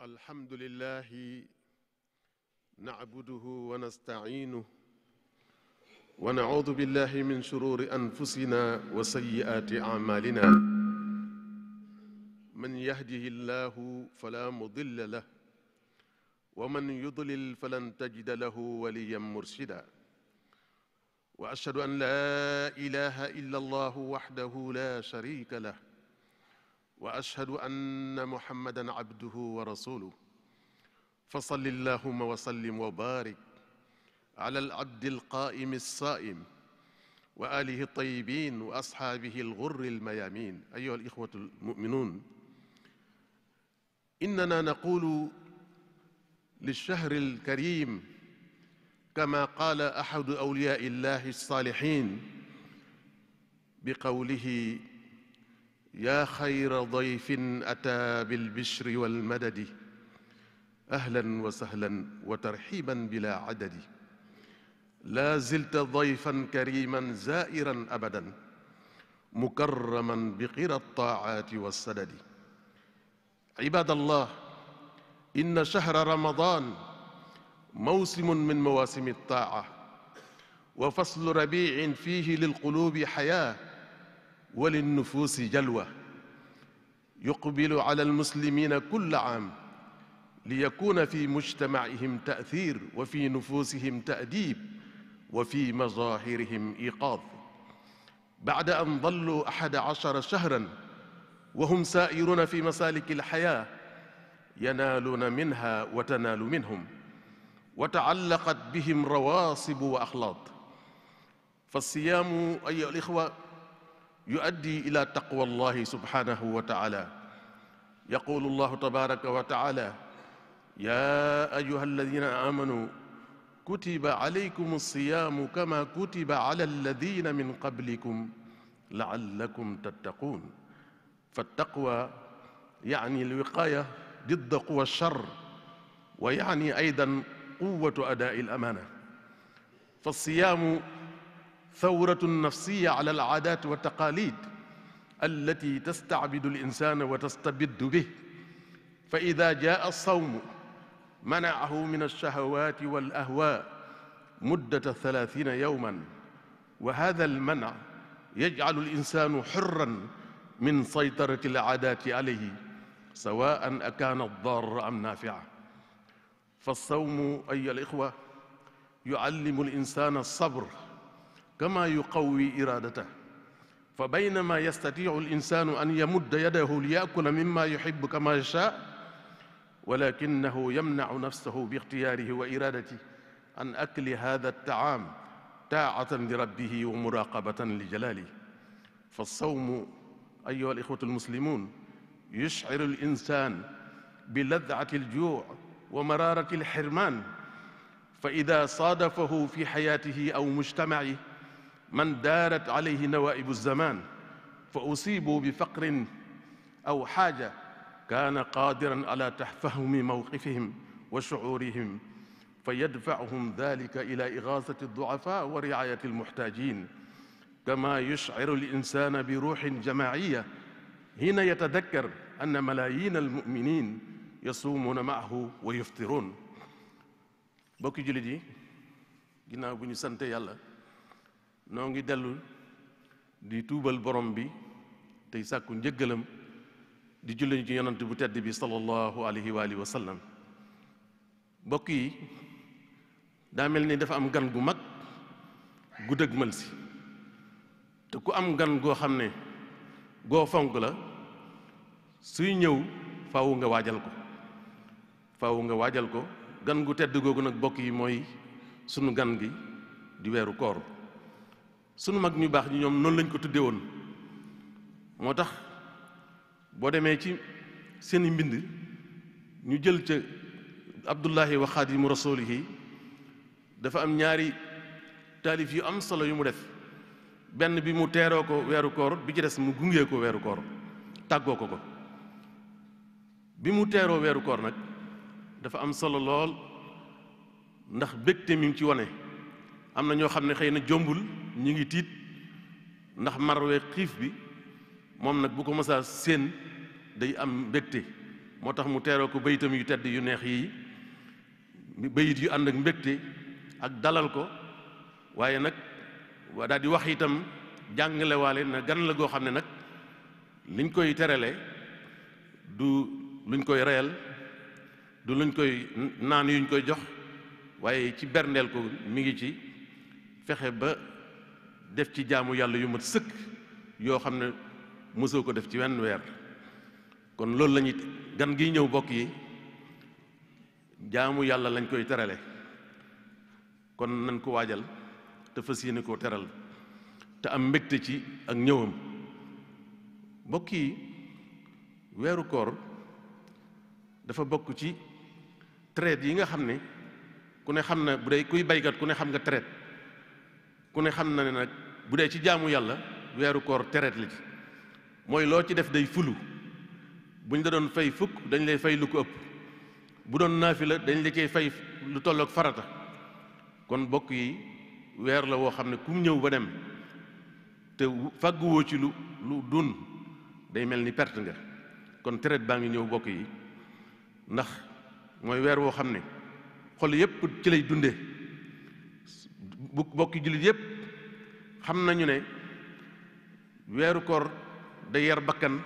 الحمد لله نعبده ونستعينه ونعوذ بالله من شرور أنفسنا وسيئات أعمالنا من يهده الله فلا مضل له ومن يضلل فلن تجد له وليا مرشدا وأشهد أن لا إله إلا الله وحده لا شريك له واشهد ان محمدا عبده ورسوله فصل اللهم وسلم وبارك على العبد القائم الصائم واله الطيبين واصحابه الغر الميامين ايها الاخوه المؤمنون اننا نقول للشهر الكريم كما قال احد اولياء الله الصالحين بقوله yaa xayra dayfin ataa bilbishri walmadadi ahlan wa sahlan wa tarxiban bila adadi laa zilta dayfan kariman zairan abadan mukarraman biqira altaaati wassadadi عباد الله إن شهر رمضان موسم من مواسم الطاعة وفصل ربيع فيه للقلوب حياة وللنفوس جلوة يقبل على المسلمين كل عام ليكون في مجتمعهم تأثير وفي نفوسهم تأديب وفي مظاهرهم إيقاظ بعد أن ضلوا أحد عشر شهرا وهم سائرون في مسالك الحياة ينالون منها وتنال منهم وتعلقت بهم رواسب وأخلاط فالصيام أيها الإخوة يؤدي إلى تقوى الله سبحانه وتعالى يقول الله تبارك وتعالى يا أيها الذين آمنوا كتب عليكم الصيام كما كتب على الذين من قبلكم لعلكم تتقون فالتقوى يعني الوقاية ضد قوى الشر ويعني أيضا قوة أداء الأمانة فالصيام ثورة نفسية على العادات والتقاليد التي تستعبد الإنسان وتستبد به فإذا جاء الصوم منعه من الشهوات والأهواء مدة ثلاثين يوما وهذا المنع يجعل الإنسان حرا من سيطرة العادات عليه سواء أكان الضار أم نافعا فالصوم أيها الإخوة يعلم الإنسان الصبر kama yuqawwi iraadata fa baynama yastatiicu alinsaanu an yamudda yadahu liyakula mima yuxibu kama yashaa walakinahu yamnacu nafsahu biixtiyaarihi wa iraadati an akli hada altacaam taacatan li rabbihi wa muraqabatan li jalaalihi fa alsawmu ayuha alixwatu almuslimuun yushciru alinsaan biladcati aljuuc wa maraarati alxirmaan fa ida saadafahu fi xayaatihi aw mujtamacihi من دارت عليه نوائب الزمان فأصيبوا بفقر أو حاجة كان قادرا على تفهم موقفهم وشعورهم فيدفعهم ذلك إلى إغاثة الضعفاء ورعاية المحتاجين كما يشعر الإنسان بروح جماعية هنا يتذكر أن ملايين المؤمنين يصومون معه ويفطرون bokki jullit yi ginnaaw bu ñu sante yàlla noo ngi dellu di tuubal borom bi tey sàkku njëggalam di julli ci yonant bu tedd bi sallallahu alayhi wa alihi wa sallam mbokk yi daa mel ni dafa am gan gu mag gu dëgmal si te ku am gan goo xam ne goo fonk la suy ñëw faawu nga waajal ko faawu nga waajal ko gan gu tedd googu nag bokk yi mooy sunu gan gi di weeru koor sunu mag ñu baax ñi ñoom noonu lañ ko tuddee woon moo tax boo demee ci seeni mbind ñu jël ca abdullahi wa xaadimu rasulihi dafa am ñaari taalif yu am solo yu mu def benn bi mu teeroo ko weeru koor bi ci des mu gungee ko weeru koor tàggoo ko ko bi mu teeroo weeru koor nag dafa am solo lool ndax bégte mi ngi ci wane am na ñoo xam ne xëy na jombul ñu ngi tiit ndax marwe xiif bi moom nag bu ko mësaa séen day am mbégte moo tax mu teeroo ko bayitam yu tedd yu neex yi bayit yu ànd ak mbégte ak dalal ko waaye nag waa daal di wax itam jàngalewaale na gan la goo xam ne nag liñ koy terale du luñ koy reyal du luñ koy naan yuñ koy jox waaye ci berndeel ko mi ngi ci fexe ba def ci jaamu yàlla yu mat sëkk yoo xam ne mosoo ko def ci wenn weer kon loolu lañuy gan gi ñëw bokk yi jaamu yàlla lañ koy terale kon nañ ko waajal te fas yéene koo teral te am mbégte ci ak ñëwam mbokk yi weeru koor dafa bokk ci traite yi nga xam ne ku ne xam na bu dee kuy baykat ku ne xam nga traite ku ne xam na ne nag bu dee ci jaamu yàlla weeru koor tereet la ci mooy loo ci def day fulu bu ñu da doon fay fukk dañu lay fay lu ko ëpp bu doon naafila dañ la koy fay lu tolloog farata kon bokk yi weer la woo xam ne kum ñëw ba dem te fàgguwoo ci lu lu dun day mel ni perte nga kon tereet baa ngi ñëw bokk yi ndax mooy weer woo xam ne xol yépp ci lay dunde bu bokki jullit yépp xam nañu ne weeru koor day yar bakkan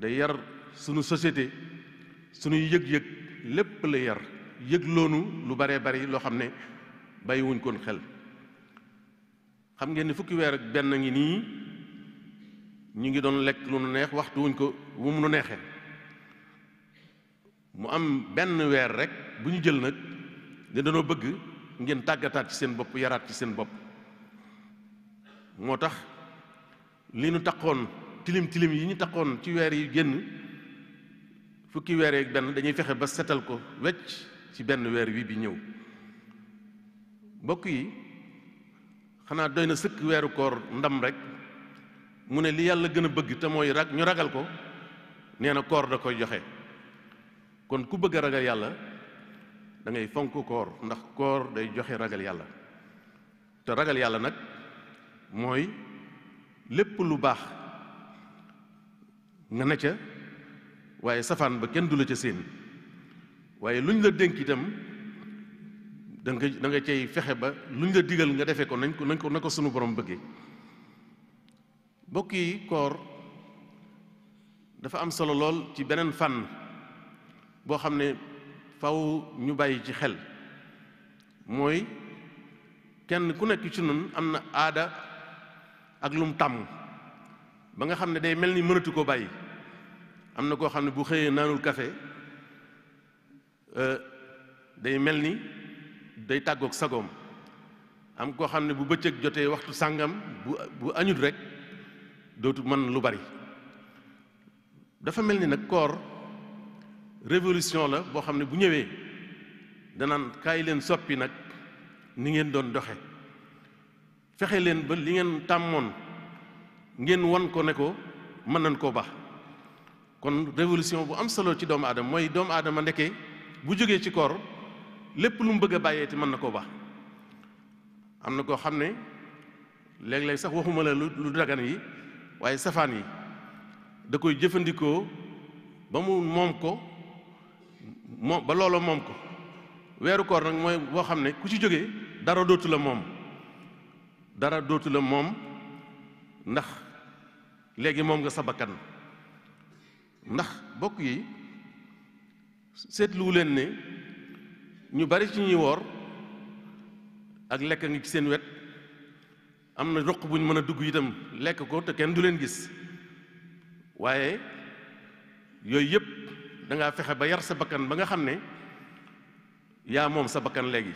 day yar sunu société sunu yëg-yëg lépp la yar yëg loonu lu baree bari loo xam ne bàyyiwuñ koon xel xam ngeen ni fukki weer ak benn ngi nii ñu ngi doon lekk lu nu neex waxtu wuñ ko wu mu nu neexee mu am benn weer rekk bu ñu jël nag ne danoo bëgg ngeen tàggataat ci seen bopp yaraat ci seen bopp moo tax li ñu taqoon tilim tilim yi ñu taqoon ci weer yi génn fukki weer yeeg benn dañuy fexe ba setal ko wecc ci benn weer wi bi ñëw mbokk yi xanaa doy na sëkk weeru koor ndam rek mu ne li yàlla gën a bëgg te mooy rag ñu ragal ko nee na koor da koy joxe kon ku bëgg a ragal yàlla da ngay fonk koor ndax koor day joxe ragal yàlla te ragal yàlla nag mooy lépp lu baax nga ne ca waaye safaan ba kenn du la ca séen waaye lu ñu la dénk itam da danga cey fexe ba lu ñu la digal nga defee ko nañ ko nañ ko na ko sunu borom bëggee mbokk yi koor dafa am solo lool ci beneen fànn boo xam ne faw ñu bàyyi ci xel mooy kenn ku nekk ci nun am na aada ak lum tàmm ba nga xam ne day mel ni mënatu koo bàyyi am na koo xam ne bu xëyee naanul café euh, day mel ni day tàggook sagoom am koo xam ne bu bëccëg jotee waxtu sàngam bu añut rek dootu mën lu bari dafa mel ni nag koor révolution la boo xam ne bu ñëwee danaan kaay leen soppi nag ni ngeen doon doxe fexe leen ba li ngeen tàmmoon ngeen wan ko ne ko mën nañ koo ba kon révolution bu am solo ci doomu aadama mooy doomu aadama ndeke bu jógee ci koor lépp lu mu bëgg a bàyyeeti mën na ko baax am na koo xam ne léeg-léeg sax waxuma la lu dagan yi waaye safaan yi da koy jëfandikoo ba mu moom ko moom ba loola moom ko weeru koor nag mooy boo xam ne ku ci jóge dara dootu la moom dara dootu la moom ndax léegi moom nga sa bakkan ndax bokk yi seetluwu leen ne ñu bari ci ñuy woor ak lekk ngi ci seen wet am na roq bu ñu mën a dugg itam lekk ko te kenn du leen gis waaye yooyu yëpp da ngaa fexe ba yar sa bakkan ba nga xam ne yaa moom sa bakkan léegi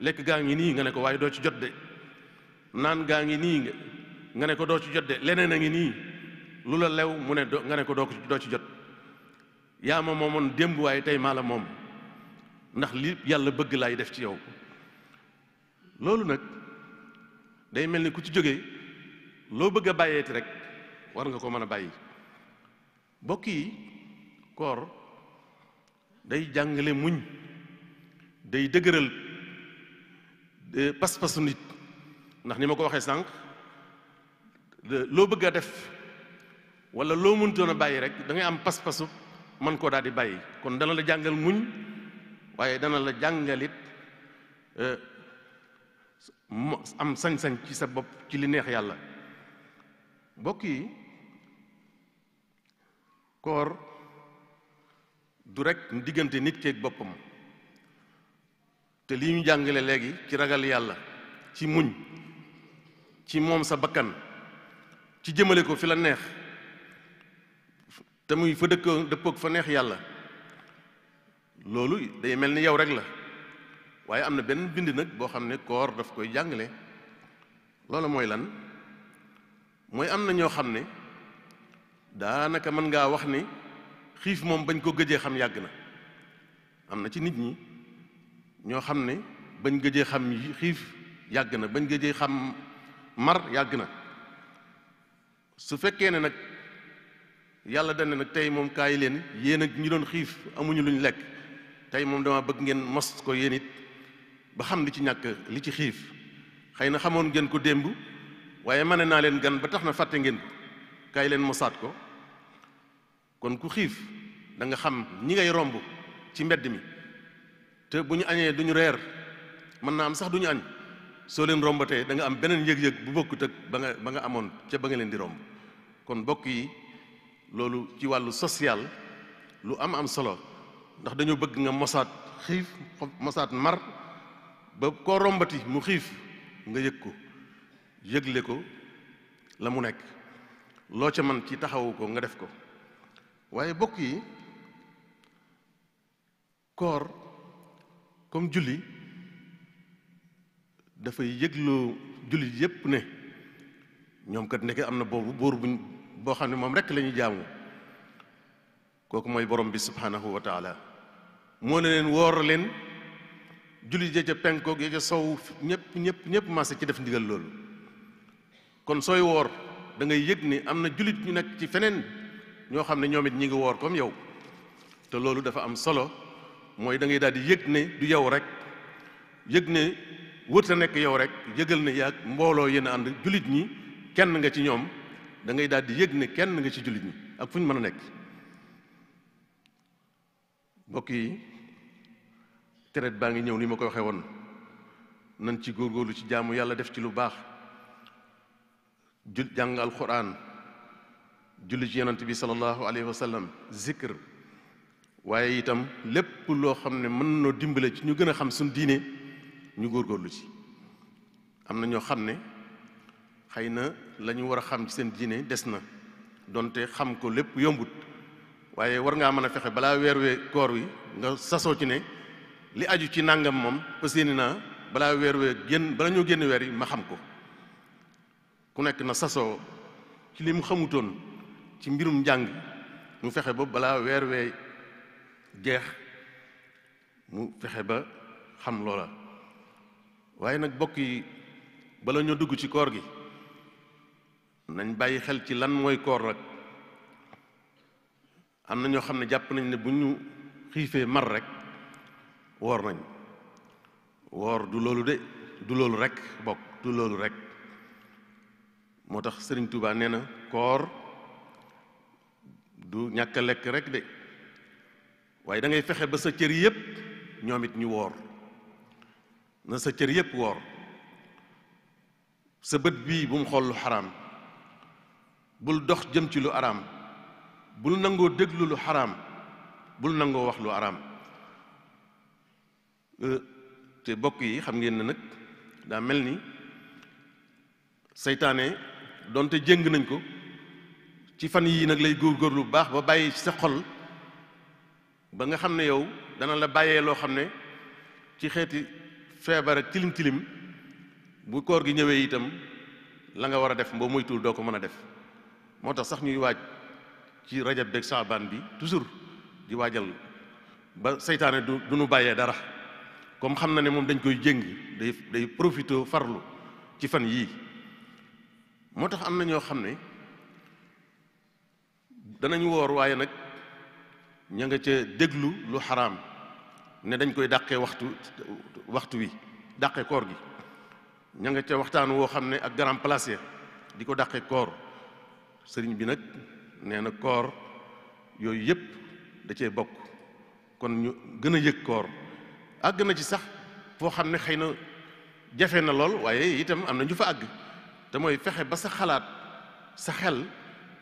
lekk gaa ngi nii nga ne ko waaye doo ci jot de naan gaa ngi nii nga ne ko doo ci jot de leneen a ngi nii lu la lew mu ne do nga ne ko doo doo ci jot yaa ma moomoon démb waaye tey maa moom ndax li yàlla bëgg laay def ci yow loolu nag day mel ni ku ci jóge loo bëgg a bàyyeeti rek war nga ko mën a bàyyi bokk yi koor day jàngale muñ day dëgëral pas-pasu nit ndax ni ma ko waxee sànq loo bëgg a def walla loo mëntoon a bàyyi rek dangay ngay am pas-pasu man koo daal di bàyyi kon dana la jàngal muñ waaye dana la jàngalit euh, am sañ-sañ ci sa bopp ci li neex yàlla mbokk yi koor du rek diggante nit keeg boppam te li ñu jàngale léegi ci ragal yàlla ci muñ ci moom sa bakkan ci jëmale ko fi la neex te muy fa dëkk dëppoog fa neex yàlla loolu day mel ni yow rekk la waaye am na benn bind nag boo xam ne koor daf koy jàngale loolu mooy lan mooy am na ñoo xam ne daanaka mën ngaa wax ni xiif moom bañ koo gëjee xam yàgg na am na ci nit ñi ñoo xam ne bañ gëjee xam xiif yàgg na bañ gëjee xam mar yàgg na su fekkee ne nag yàlla dane nag tey moom kaay leen yéen ak ñi doon xiif amuñu luñ lekk tey moom dama bëgg ngeen mos ko yéen it ba xam li ci ñàkk li ci xiif xëy na xamoon ngeen ko démb waaye mane naa leen gan ba tax na fàtte ngeen kaay leen mosaat ko kon ku xiif danga xam ñi ngay romb ci mbedd mi te bu ñu añee du reer mën naa am sax du añ soo leen rombatee da nga am beneen yëg-yëg bu bokkut ba nga ba nga amoon ca ba nga leen di romb kon mbokk yi loolu ci wàllu social lu am am solo ndax dañoo bëgg nga mosaat xiif mosaat mar ba koo rombati mu xiif nga yëg ko yëgle ko la mu nekk loo ca man ci taxawu ko nga def ko waaye bokk yi koor comme julli dafay yëgloo julli yépp ne ñoom kat ndeke am na boobu buur buñ boo xam ne moom rekk lañuy ñuy jaamu kooku mooy borom bi subhanahu wa moo ne leen woor leen julli ja ca penkoog ya ca sow ñëpp ñëpp ñëpp maase ci def ndigal loolu kon sooy woor da yëg ne am na jullit ñu nekk ci feneen ñoo xam ne ñoom it ñi ngi woor comme yow te loolu dafa am solo mooy da ngay daal di yëg ne du yow rek yëg ne wërta nekk yow rek yëgal ne yaag mbooloo yéen a ànd jullit ñi kenn nga ci ñoom dangay ngay daal di yëg ne kenn nga ci jullit ñi ak fu ñu mën a nekk mbokk yi traite baa ngi ñëw ni ma ko waxee woon nan ci góorgóorlu ci jaamu yàlla def ci lu baax jul jàng alxuraan julli ci yonent bi sallallahu alayhi wa sallam zikr waaye itam lépp loo xam ne mën noo dimbale ci ñu gën a xam suñ diine ñu góorgóorlu ci am na ñoo xam ne xëy na lañu war a xam ci seen diine des na donte xam ko lépp yombut waaye war ngaa mën a fexe balaa weer we koor wi nga sasoo ci ne li aju ci nàngam moom paséeni naa balaa weer we génn bala ñoo génn weer yi ma xam ko ku nekk na sasoo ci li mu xamutoon ci mbirum njàng mu fexe ba balaa weer wee jeex mu fexe ba xam loola waaye nag bokk yi bala ñoo dugg ci koor gi nañ bàyyi xel ci lan mooy koor rek am na ñoo xam ne jàpp nañ ne bu ñu xiifee mar rekk woor nañ woor du loolu de du loolu rekk bokk du loolu rekk moo tax Sëriñ Tuubaa nee na koor du ñàkk lekk rek de waaye dangay ngay fexe ba sa cër yépp ñoom it ñu woor na sa cër yépp woor sa bët bii bum xool lu xaraam bul dox jëm ci lu araam bul nangoo déglu lu xaraam bul nangoo wax lu araam euh, te bokk yi xam ngeen ne nag daa mel ni seytaane donte jëng nañ ko ci fan yii nag lay góor bu baax ba bàyyi ci sa xol ba nga xam ne yow dana la bàyyee loo xam ne ci xeeti feebar ak tilim tilim bu koor gi ñëwee itam la nga war a def mboo moytuwul doo ko mën a def moo tax sax ñuy waaj ci rajab beeg saabaan bi toujours di waajal ba seytaane du duñu bàyyee dara comme xam na ne moom dañ koy jéng day day profité farlu ci fan yii moo tax am na ñoo xam ne danañ woor waaye nag ña nga ca déglu lu xaraam ne dañ koy dàqee waxtu waxtu wi dàqee koor gi ña nga ca waxtaan woo xam ne ak grand place di ko dàqe koor sëriñ bi nag nee na koor yooyu yëpp da cee bokk kon ñu gën a yëg koor àgg na ci sax foo xam ne xëy na jafe na lool waaye itam am na ñu fa àgg te mooy fexe ba sa xalaat sa xel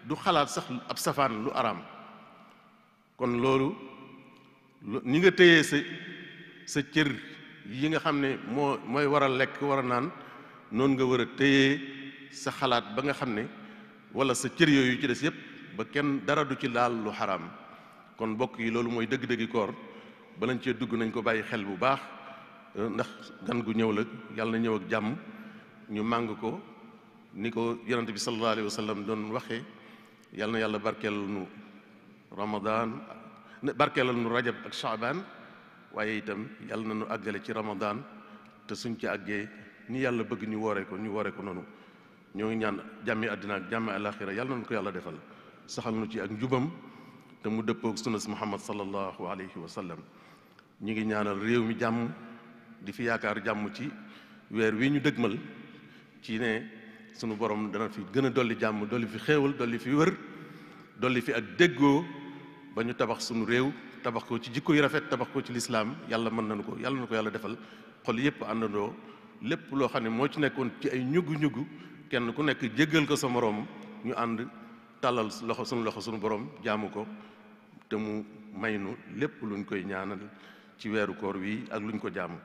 du xalaat sax ab safaan lu araam kon loolu ni nga téyee sa sa cër yi nga xam ne moo mooy war a lekk war a naan noonu nga war a téyee sa xalaat ba nga xam ne wala sa cër yooyu ci des yépp ba kenn dara du ci laal lu xaraam kon bokk yi loolu mooy dëgg-dëggi koor balañ cee dugg nañ ko bàyyi xel bu baax euh, ndax gan gu ñëw la yàlla ñëw ak jàmm ñu màng ko ni ko yonent bi sallallahu alayhi wa sallam doon waxee yal na yàlla barkeelal nu Ramadan barkeelal nu rajab ak Shaaban waaye itam yal na nu àggale ci Ramadan te suñ ci àggee ni yàlla bëgg ñu wooree ko ñu wooree ko noonu ñoo ngi ñaan jàmmi àddina ak jàmmi àlaxira yal na nu ko yàlla defal saxal nu ci ak njubam te mu dëppoog sunas Muhammad sallallahu alayhi wa sallam ñu ngi ñaanal réew mi jàmm di fi yaakaar jàmm ci weer wi ñu dëgmal ci ne. sunu borom dana fi gën a dolli jàmm dolli fi xéewal dolli fi wër dolli fi ak déggoo ba ñu tabax sunu réew tabax ko ci jikko yu rafet tabax ko ci lislaam yàlla mën nañu ko yàlla na ko yàlla defal xol yépp àndandoo lépp loo xam ne moo ci nekkoon ci ay ñuggu-ñuggu kenn ku nekk jéggal ko sa moroom ñu ànd tàllal loxo sunu loxo sunu borom jaamu ko te mu may nu lépp luñ koy ñaanal ci weeru koor wi ak luñ ko jaamu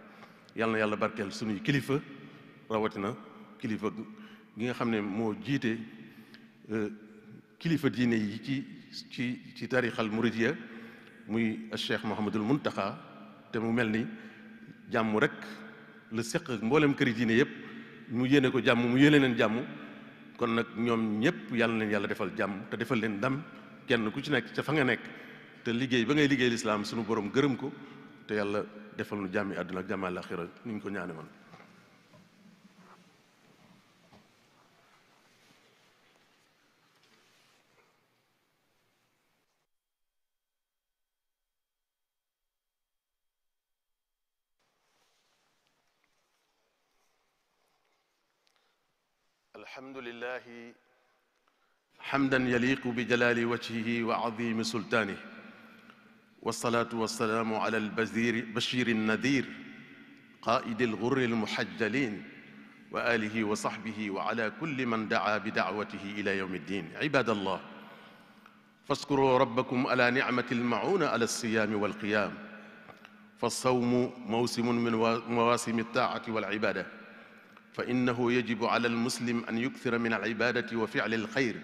yàlla na yàlla barkeel sunuy kilifa rawatina kilifa gi nga xam ne moo jiite euh, kilifa diine yi ci ci ci tarixal muridiya muy cheikh Mouhamadul Muntaxa te mu mel ni jàmm rek la seq ak mboolem këri diine yëpp mu yéene ko jàmm mu yéene leen jàmm kon nag ñoom ñëpp yàlla leen yàlla defal jàmm te defal leen ndam kenn ku ci nekk ca fa nga nekk te liggéey ba ngay liggéey islaam sunu borom gërëm ko te yàlla defal nu jàmmi àdduna ak jàmm àllaaxira ni ñu ko ñaane woon alhamdulillahi hamdan yaliqu bi jalaali wajhihi wa azimi sultaanihi wassalaatu wassalaamu ala albasiri bashiri nnadir qaidi algurri almuhajjalin wa alihi wa sahbihi wa ala kulli man daa bi daawatihi ila yawmi ddin ibad allah faskuruu rabbakum ala nicmati almauna ala alsiyaami walqiyam fa alsawmu mawsimun min mawaasimi altaati walibada fa innahu yajibu ala almuslim an yuktira min alibadati wa ficli alxayr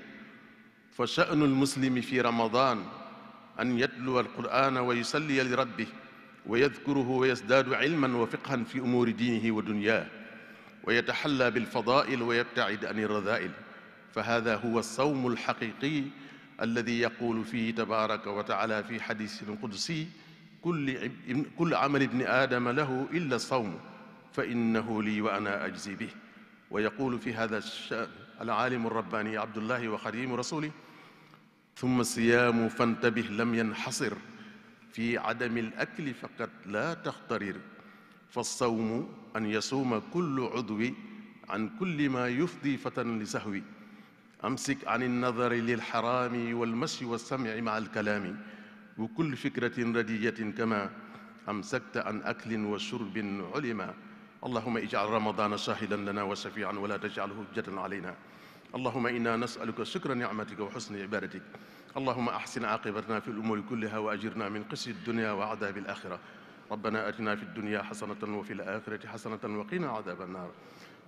fa chanu almuslimi fi ramadan an yatluwa alqur'ana wa yusalliya li rabbih wa yadkuruhu wa yasdaadu cilman wa fiqhan fi umuuri diinihi wa dunyah wa yataxalla bilfadail wa yabtacid an irradail fa hada huwa alsawmu alxaqiqiy alladi yaqulu fihi tabaraka wa taala fi xadiisin qudsiy kulli amali ibni aadama lahu illa alsawmu fa innahu lii wa ana ajzi bi wa yaqulu fi hada shan alaalimu rabbani abdullahi wa xadimu rasuli tumma siyaamu fantabih lam yanxasir fi adami al akli faqat la taxtarir fa sawmu an yasuuma kullu cudwi an kulli ma yufdi fatan li sahwi amsik an alnadari lilxaraami walmasyi walsamci maa alkalaami wa kulli fikratin radiyatin kama amsakta an aklin wa shurbin ulima اللهم اجعل رمضان ساهلا لنا وسفيعا ولا تجعله حجة علينا اللهم إنا نسألك شكر نعمتك وحسن عبادتك اللهم أحسن عاقبتنا في الأمور كلها وأجرنا من قسي الدنيا وعذاب الآخرة ربنا آتنا في الدنيا حسنة وفي الآخرة حسنة وقنا عذاب النار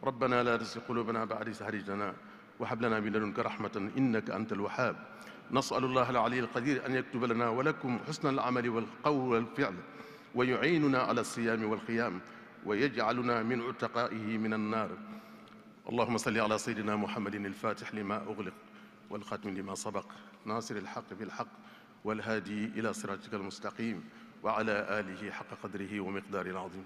ربنا لا تزغ قلوبنا بعد إذ هديتنا وهب لنا من لدنك رحمة إنك أنت الوهاب نسأل الله العلي القدير أن يكتب لنا ولكم حسن العمل والقول والفعل ويعيننا على الصيام والقيام wa yajcaluna min utaqaihi min annaar allahuma salli ala sayidina muhammadin alfatix lima ugliq walxatmi lima sabaq nasir alxaq bilxaq walhaadi ila siratika almustaqim wa ala alihi xaqa qadrihi wa miqdaari alazim